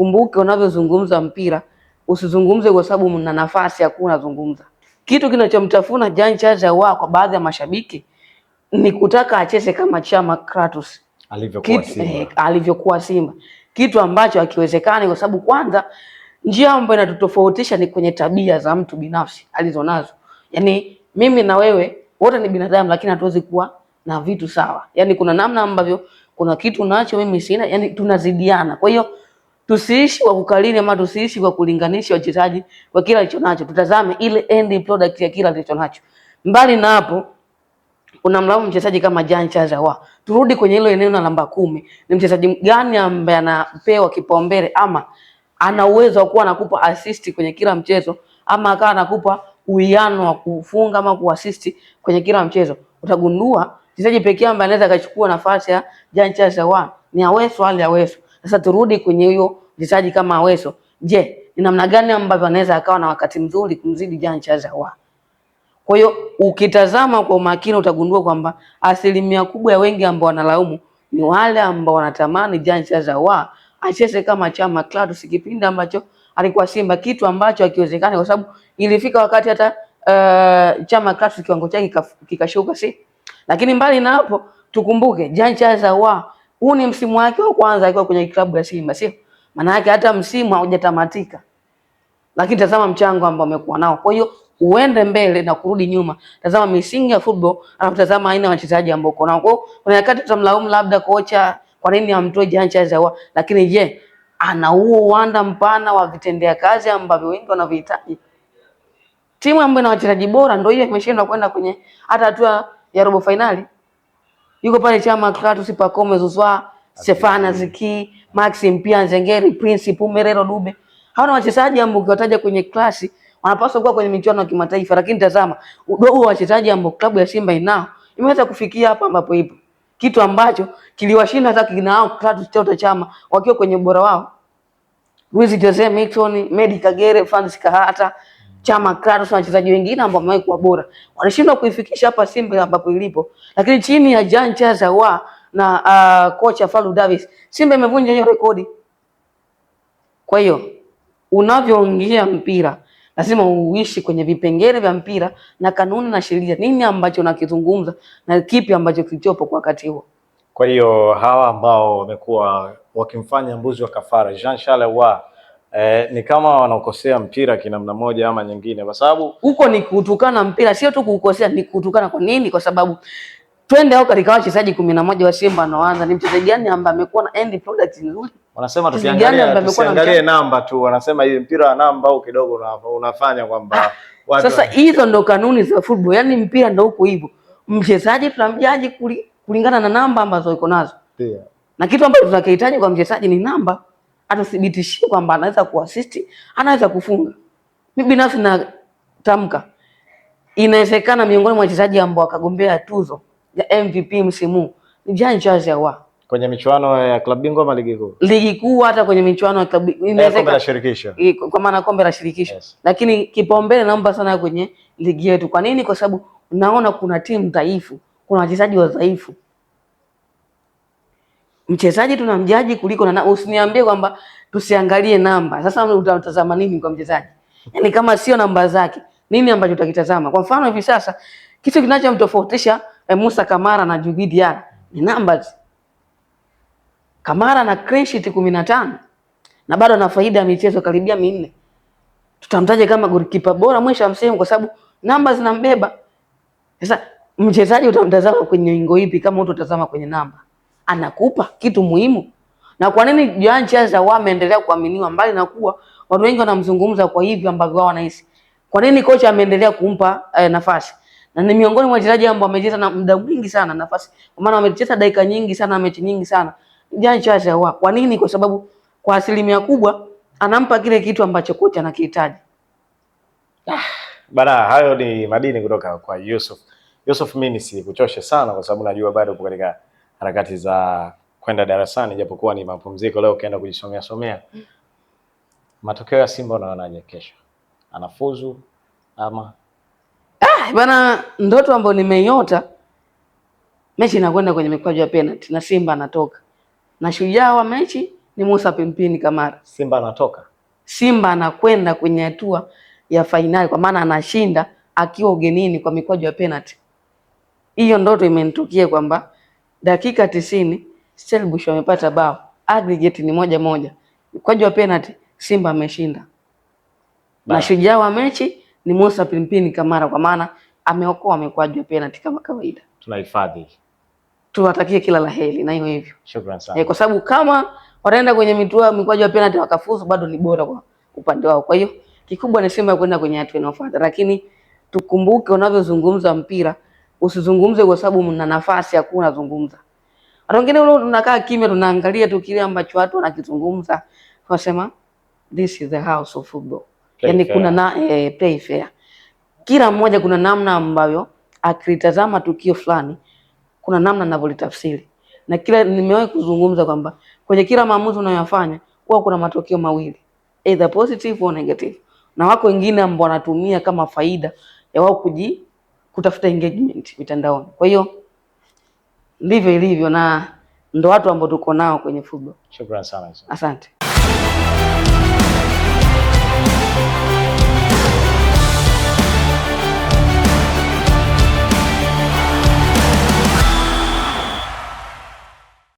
Kumbuke unavyozungumza mpira, usizungumze kwa sababu mna nafasi hakuna kuwa unazungumza. Kitu kinachomtafuna Jan Chaza wa kwa baadhi ya mashabiki ni kutaka acheze kama Chama Kratos alivyokuwa Simba. Eh, Simba, kitu ambacho hakiwezekani kwa sababu kwanza njia ambayo inatutofautisha ni kwenye tabia za mtu binafsi alizonazo. Yaani mimi na wewe wote ni binadamu, lakini hatuwezi kuwa na vitu sawa. Yaani kuna namna ambavyo kuna kitu nacho mimi sina, yaani tunazidiana. Kwa hiyo Tusiishi kwa kukalini ama tusiishi kwa kulinganisha wachezaji kwa kila alicho nacho, tutazame ile end product ya kila alicho nacho. Mbali na hapo, unamlaumu mchezaji kama Jean Charles Ahoua, turudi kwenye hilo eneo la namba kumi. Ni mchezaji gani ambaye anapewa kipaumbele ama ana uwezo wa kuwa anakupa assist kwenye kila mchezo ama akawa anakupa uwiano wa kufunga ama kuassist kwenye kila mchezo? Utagundua mchezaji pekee ambaye anaweza akachukua nafasi ya Jean Charles Ahoua ni Aweso Ali Awesu. Sasa turudi kwenye hiyo mchezaji kama Aweso, je, ni namna gani ambavyo anaweza akawa na wakati mzuri kumzidi Jean Charles Ahoua? Kwa hiyo ukitazama kwa umakini utagundua kwamba asilimia kubwa ya wengi ambao wanalaumu ni wale ambao wanatamani Jean Charles Ahoua acheze kama Chama Clatous kipindi ambacho alikuwa Simba, kitu ambacho hakiwezekani kwa sababu ilifika wakati hata uh, Chama Clatous kiwango chake kikashuka, si lakini mbali na hapo tukumbuke Jean Charles Ahoua huu ni msimu wake wa kwanza akiwa kwenye klabu ya Simba, sio? Maana yake hata msimu haujatamatika, lakini tazama mchango ambao amekuwa nao. Kwa hiyo uende mbele na kurudi nyuma, tazama misingi ya football, alafu tazama aina ya wachezaji ambao uko nao. Kwa hiyo kuna nyakati tutamlaumu labda kocha, kwa nini hamtoi Jean Charles Ahoua, lakini je, ana huo uwanda mpana wa vitendea kazi ambavyo wengi wanavihitaji? Timu ambayo ina wachezaji bora ndio ile imeshindwa kwenda kwenye hata hatua ya robo fainali. Yuko pale Chama Kratos, Pacome Zouzoua Sefana Ziki, Maxi Mpia, Nzengeri, Prince Pumerero, Dube. Hao ni wachezaji ambao ukiwataja kwenye klasi wanapaswa kuwa kwenye michuano ya kimataifa, lakini tazama udogo wa wachezaji ambao klabu ya Simba inao imeweza kufikia hapa ambapo ipo, kitu ambacho kiliwashinda hata kinao Clatous Chota Chama wakiwa kwenye ubora wao. Luis Jose Milton, Medi Kagere, Francis Kahata, Chama Clatous na wachezaji wengine ambao wamewahi kuwa bora wanashindwa kuifikisha hapa Simba ambapo ilipo, lakini chini ya Jean Ahoua na uh, kocha Falu Davis. Simba imevunja hiyo rekodi. Kwa hiyo unavyoongea mpira lazima uishi kwenye vipengele vya mpira na kanuni na sheria, nini ambacho nakizungumza na kipi ambacho kilichopo kwa wakati huo. Kwa hiyo hawa ambao wamekuwa wakimfanya mbuzi wa kafara Jean Charles wa eh, ni kama wanaokosea mpira kinamna moja ama nyingine, kwa sababu huko ni kutukana mpira, sio tu kuukosea, ni kutukana. Kwa nini? Kwa sababu Twende au katika wachezaji kumi na moja wa Simba wanaoanza ni mchezaji gani ambaye amekuwa na end product nzuri? Wanasema tusiangalie tusiangalie namba tu, wanasema hii mpira wa namba au kidogo unafanya kwamba ah, watu Sasa hizo ndo kanuni za football. Yaani mpira ndo uko hivyo. Mchezaji tunamjaji kulingana na namba ambazo yuko nazo. yeah. Na kitu ambacho tunakihitaji kwa mchezaji ni namba atathibitishie kwamba anaweza kuassist, anaweza kufunga. Mimi binafsi natamka inawezekana miongoni mwa wachezaji ambao wakagombea tuzo ya MVP msimu ni Jean Charles Ahoua kwenye michuano ya klabu bingwa ama ligi kuu, ligi kuu, hata kwenye michuano ya klabu eh, inaweza kombe la shirikisho, eh, kwa maana kombe la shirikisho yes. Lakini kipaumbele naomba sana kwenye ligi yetu. Kwa nini? Kwa sababu naona kuna timu dhaifu, kuna wachezaji wadhaifu. Mchezaji tunamjaji kuliko na, usiniambie kwamba tusiangalie namba. Sasa utatazama nini kwa mchezaji? Yaani kama sio namba zake, nini ambacho utakitazama? Kwa mfano hivi sasa kitu kinachomtofautisha eh, Musa Kamara na Judith Diarra ni numbers. Kamara na clean sheet kumi na tano na bado ana faida ya michezo karibia minne. Tutamtaja kama goalkeeper bora mwisho wa msimu kwa sababu numbers zinambeba. Sasa mchezaji utamtazama kwenye ingo ipi kama utatazama kwenye namba? Anakupa kitu muhimu. Na kwa nini Joan Chaza ameendelea kuaminiwa mbali na kuwa watu wengi wanamzungumza kwa hivyo ambavyo wao wanahisi? Kwa nini kocha ameendelea kumpa eh, nafasi? na ni miongoni mwa wachezaji ambao wamecheza na muda mwingi sana nafasi, kwa maana wamecheza dakika nyingi sana, mechi nyingi sana. Jan Chacha wa kwa nini? Kwa sababu kwa asilimia kubwa anampa kile kitu ambacho kocha anakihitaji. Ah, bana, hayo ni madini kutoka kwa Yusuf. Yusuf, mimi sikuchoshe sana kwa sababu najua bado uko katika harakati za kwenda darasani, japokuwa ni mapumziko leo, ukienda kujisomea somea. Mm. Matokeo ya Simba unaonaje kesho, anafuzu ama Bana, ndoto ambayo nimeiota mechi inakwenda kwenye mikwaju ya penalty na Simba anatoka, na shujaa wa mechi ni Musa Pimpini Kamara. Simba anatoka, Simba anakwenda kwenye hatua ya fainali, kwa maana anashinda akiwa ugenini kwa mikwaju ya penalty. Hiyo ndoto imenitokea kwamba dakika tisini Stellenbosch wamepata bao, aggregate ni moja moja, mikwaju ya penalty Simba ameshinda na shujaa wa mechi ni Musa Pimpini Kamara, kwa maana ameokoa, amekuwa juu penalti kama kawaida. Tunahifadhi, tuwatakie kila la heri na hiyo hivyo, shukrani sana, eh, kwa sababu kama wataenda kwenye mitua mikwaju ya penalti wakafuzu, bado ni bora kwa upande wao. Kwa hiyo kikubwa ni Simba kwenda kwenye hatua inayofuata, lakini tukumbuke, unavyozungumza mpira usizungumze kwa sababu mna nafasi ya kuwa unazungumza. Watu wengine tunakaa kimya, tunaangalia tu kile ambacho watu wanakizungumza, tunasema this is the house of football yani kuna na, e, eh, play fair. Kila mmoja kuna namna ambayo akilitazama tukio fulani kuna namna anavyolitafsiri, na kila nimewahi kuzungumza kwamba kwenye kila maamuzi unayoyafanya huwa kuna matokeo mawili, either positive au negative, na wako wengine ambao wanatumia kama faida ya wao kuji kutafuta engagement mitandaoni. Kwa hiyo ndivyo ilivyo, na ndo watu ambao tuko nao kwenye football. Shukrani sana. Asante. Thank you.